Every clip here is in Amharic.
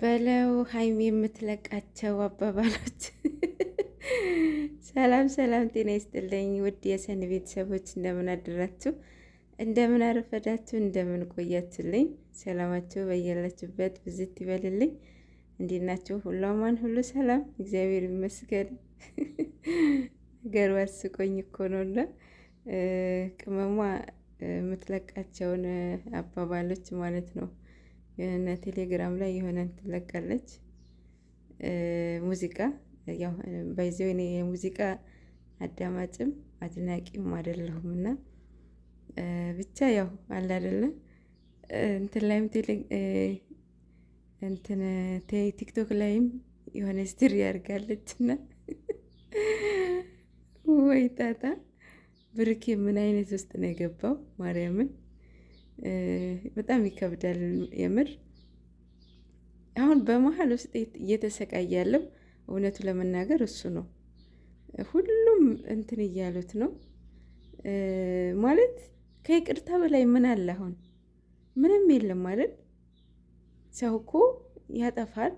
በለው ሀይሚ የምትለቃቸው አባባሎች። ሰላም ሰላም፣ ጤና ይስጥልኝ ውድ የሰኒ ቤተሰቦች እንደምን አድራችሁ፣ እንደምን አረፈዳችሁ፣ እንደምን ቆያችሁልኝ? ሰላማችሁ በያላችሁበት ብዝት ይበልልኝ። እንዴት ናችሁ? ሁሉ አማን፣ ሁሉ ሰላም፣ እግዚአብሔር ይመስገን። ነገሩ አስቆኝ እኮ ነውና ቅመሟ የምትለቃቸውን አባባሎች ማለት ነው የሆነ ቴሌግራም ላይ የሆነ ትለቃለች ሙዚቃ። ያው እኔ የሙዚቃ አዳማጭም አድናቂም አይደለሁም እና ብቻ ያው አለ አይደለ እንትን ላይም እንትን ቲክቶክ ላይም የሆነ ስትሪ ያርጋለች እና ወይ ታታ ብርኬ ምን አይነት ውስጥ ነው የገባው ማርያምን በጣም ይከብዳል የምር። አሁን በመሀል ውስጥ እየተሰቃየ ያለው እውነቱ ለመናገር እሱ ነው። ሁሉም እንትን እያሉት ነው ማለት ከይቅርታ በላይ ምን አለ? አሁን ምንም የለም ማለት ሰው እኮ ያጠፋል፣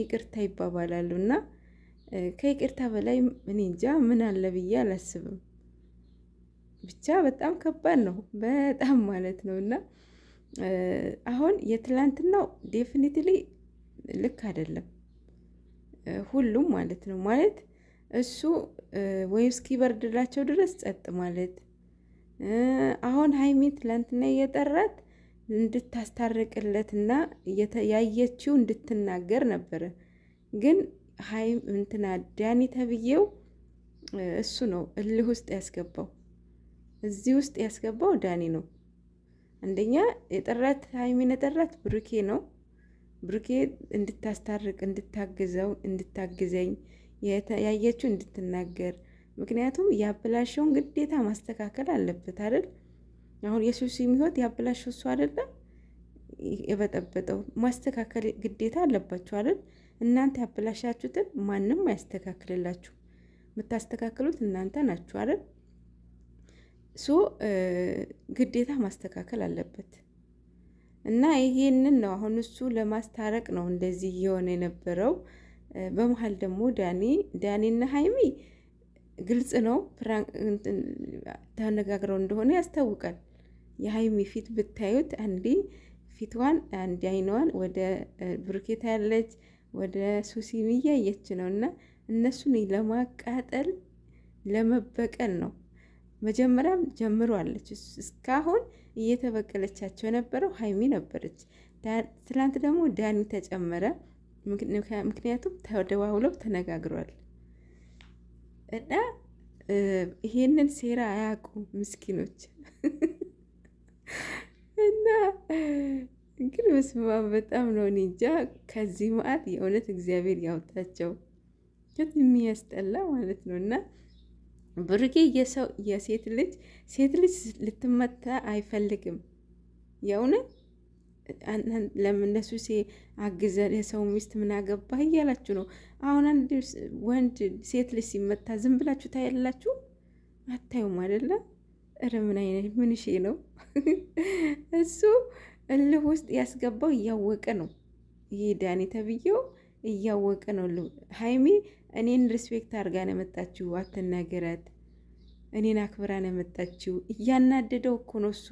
ይቅርታ ይባባላሉ እና ከይቅርታ በላይ እኔ እንጃ ምን አለ ብዬ አላስብም። ብቻ በጣም ከባድ ነው፣ በጣም ማለት ነው። እና አሁን የትላንትናው ዴፊኒትሊ ልክ አይደለም፣ ሁሉም ማለት ነው። ማለት እሱ ወይ እስኪበርድላቸው ድረስ ጸጥ ማለት። አሁን ሀይሚ ትላንትና እየጠራት እንድታስታርቅለት ያየችው እንድትናገር ነበረ። ግን ሀይ እንትና ዳኒ ተብዬው እሱ ነው እልህ ውስጥ ያስገባው። እዚህ ውስጥ ያስገባው ዳኒ ነው። አንደኛ የጠራት ሀይሚን የጠራት ብሩኬ ነው። ብሩኬ እንድታስታርቅ እንድታግዘው እንድታግዘኝ ያየችው እንድትናገር ምክንያቱም ያበላሸውን ግዴታ ማስተካከል አለበት አይደል? አሁን የሱስ ህይወት ያበላሸው እሱ አይደለም የበጠበጠው ማስተካከል ግዴታ አለባችሁ አይደል? እናንተ ያበላሻችሁትን ማንም አያስተካክልላችሁ። የምታስተካክሉት እናንተ ናችሁ አይደል? ሶ ግዴታ ማስተካከል አለበት እና ይሄንን ነው አሁን እሱ ለማስታረቅ ነው እንደዚህ እየሆነ የነበረው። በመሀል ደግሞ ዳኒ ዳኒና ሀይሚ ግልጽ ነው ተነጋግረው እንደሆነ ያስታውቃል። የሀይሚ ፊት ብታዩት አንዲ ፊትዋን አንዲ አይኗን ወደ ብርኬታ ያለች ወደ ሱሲ እያየች ነው እና እነሱን ለማቃጠል ለመበቀል ነው መጀመሪያም ጀምሯለች። እስካሁን እየተበቀለቻቸው የነበረው ሀይሚ ነበረች። ትላንት ደግሞ ዳኒ ተጨመረ። ምክንያቱም ተደዋውለው ተነጋግሯል እና ይሄንን ሴራ አያውቁ ምስኪኖች እና ግን በስማ በጣም ነው እንጃ። ከዚህ መዓት የእውነት እግዚአብሔር ያወጣቸው የሚያስጠላ ማለት ነው እና ብርጌ የሰው የሴት ልጅ ሴት ልጅ ልትመታ አይፈልግም። የእውነት ለምነሱ ሴ አግዘን የሰው ሚስት ምናገባህ እያላችሁ ነው። አሁን አንድ ወንድ ሴት ልጅ ሲመታ ዝም ብላችሁ ታያላችሁ? አታዩም አይደለም? እረ ምን አይነት ነው እሱ እልህ ውስጥ ያስገባው እያወቀ ነው ይሄ ዳኔ ተብዬው እያወቀ ነው። ሀይሚ እኔን ሪስፔክት አድርጋ ነው የመጣችው፣ አትናገራት። እኔን አክብራ ነው የመጣችው። እያናደደው እኮ ነው እሱ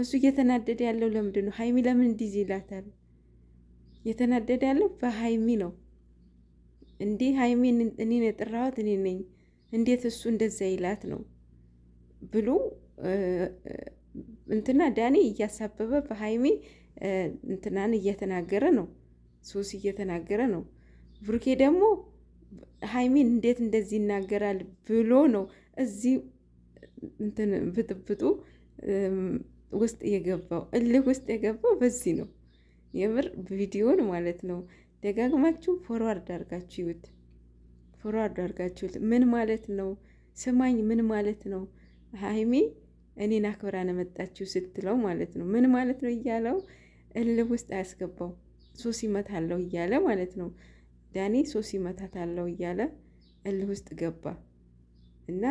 እሱ እየተናደደ ያለው ለምንድን ነው? ሀይሚ ለምን እንዲህ ይላታል? እየተናደደ ያለው በሀይሚ ነው። እንዲህ ሀይሚ እኔን የጥራሁት እኔ ነኝ፣ እንዴት እሱ እንደዛ ይላት ነው ብሎ እንትና ዳኒ እያሳበበ በሀይሚ እንትናን እየተናገረ ነው። ሶሲ እየተናገረ ነው። ብሩኬ ደግሞ ሀይሜን እንዴት እንደዚህ ይናገራል ብሎ ነው እዚህ እንትን ብጥብጡ ውስጥ የገባው እልህ ውስጥ የገባው በዚህ ነው። የምር ቪዲዮን ማለት ነው ደጋግማችሁ ፎርዋርድ አድርጋችሁ ይዩት። ፎርዋርድ አድርጋችሁ ምን ማለት ነው ስማኝ፣ ምን ማለት ነው ሀይሜ እኔን አክብራ ነው መጣችሁ ስትለው ማለት ነው ምን ማለት ነው እያለው እልህ ውስጥ አያስገባው። ሶሲ ይመታለሁ እያለ ማለት ነው። ዳኒ ሶሲ መታታለሁ እያለ እልህ ውስጥ ገባ እና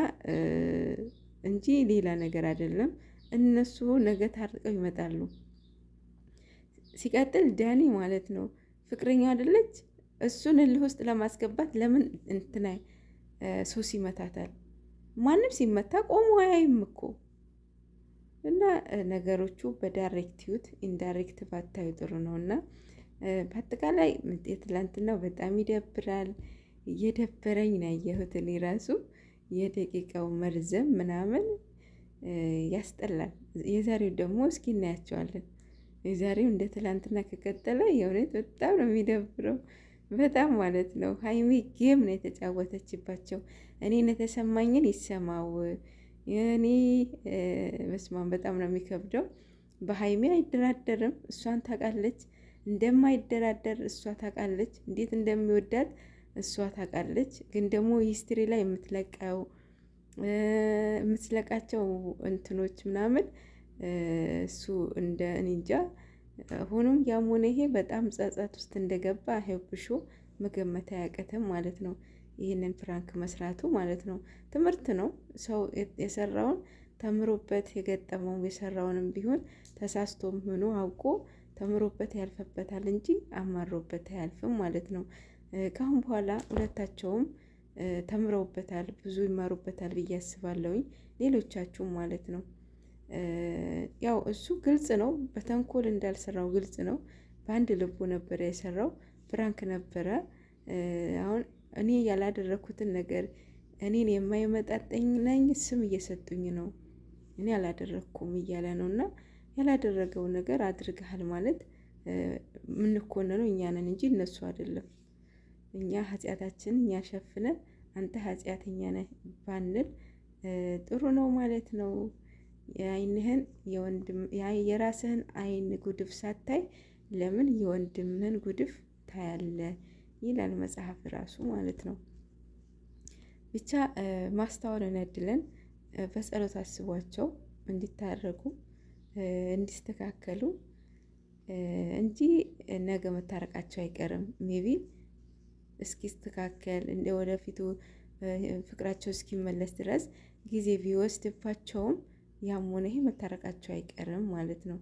እንጂ ሌላ ነገር አይደለም። እነሱ ነገ ታርቀው ይመጣሉ። ሲቀጥል ዳኒ ማለት ነው ፍቅረኛ አይደለች። እሱን እልህ ውስጥ ለማስገባት ለምን እንትና ሶስ ይመታታል? ማንም ሲመታ ቆሞ አያይም እኮ እና ነገሮቹ በዳይሬክት ይዩት፣ ኢንዳይሬክት ባታዩ ጥሩ ነው እና በአጠቃላይ የትላንትናው በጣም ይደብራል። እየደበረኝ ነው ያየሁት እኔ ራሱ የደቂቃው መርዘም ምናምን ያስጠላል። የዛሬው ደግሞ እስኪ እናያቸዋለን። የዛሬው እንደ ትላንትና ከቀጠለ የእውነት በጣም ነው የሚደብረው። በጣም ማለት ነው። ሀይሚ ጌም ነው የተጫወተችባቸው። እኔ የተሰማኝን ይሰማው። እኔ በስማን በጣም ነው የሚከብደው። በሀይሚ አይደራደርም። እሷን ታውቃለች። እንደማይደራደር እሷ ታውቃለች። እንዴት እንደሚወዳት እሷ ታውቃለች። ግን ደግሞ ሂስትሪ ላይ የምትለቀው የምትለቃቸው እንትኖች ምናምን እሱ እንደ እንጃ ሆኖም ያም ሆነ ይሄ በጣም ጸጸት ውስጥ እንደገባ ሄብሾ መገመት አያቅትም ማለት ነው። ይህንን ፕራንክ መስራቱ ማለት ነው። ትምህርት ነው። ሰው የሰራውን ተምሮበት የገጠመው የሰራውንም ቢሆን ተሳስቶም ሆኖ አውቆ ተምሮበት ያልፈበታል እንጂ አማሮበት አያልፍም ማለት ነው። ከአሁን በኋላ ሁለታቸውም ተምረውበታል፣ ብዙ ይማሩበታል ብዬ አስባለሁኝ። ሌሎቻችሁም ማለት ነው። ያው እሱ ግልጽ ነው፣ በተንኮል እንዳልሰራው ግልጽ ነው። በአንድ ልቡ ነበረ የሰራው፣ ፍራንክ ነበረ። አሁን እኔ ያላደረኩትን ነገር እኔን የማይመጣጠኝ ነኝ ስም እየሰጡኝ ነው፣ እኔ አላደረኩም እያለ ነው እና ያላደረገው ነገር አድርገሃል ማለት የምንኮነነው እኛ ነን እንጂ እነሱ አይደለም። እኛ ኃጢአታችን እኛ ሸፍነን አንተ ኃጢአተኛ ነህ ባንል ጥሩ ነው ማለት ነው። የአይንህን የራስህን አይን ጉድፍ ሳታይ ለምን የወንድምህን ጉድፍ ታያለ ይላል መጽሐፍ ራሱ ማለት ነው። ብቻ ማስተዋልን ያድለን። በጸሎት አስቧቸው እንዲታረጉ እንዲስተካከሉ እንጂ ነገ መታረቃቸው አይቀርም። ሜቢ እስኪስተካከል እንደ ወደፊቱ ፍቅራቸው እስኪመለስ ድረስ ጊዜ ቢወስድባቸውም ያም ሆነ ይሄ መታረቃቸው አይቀርም ማለት ነው።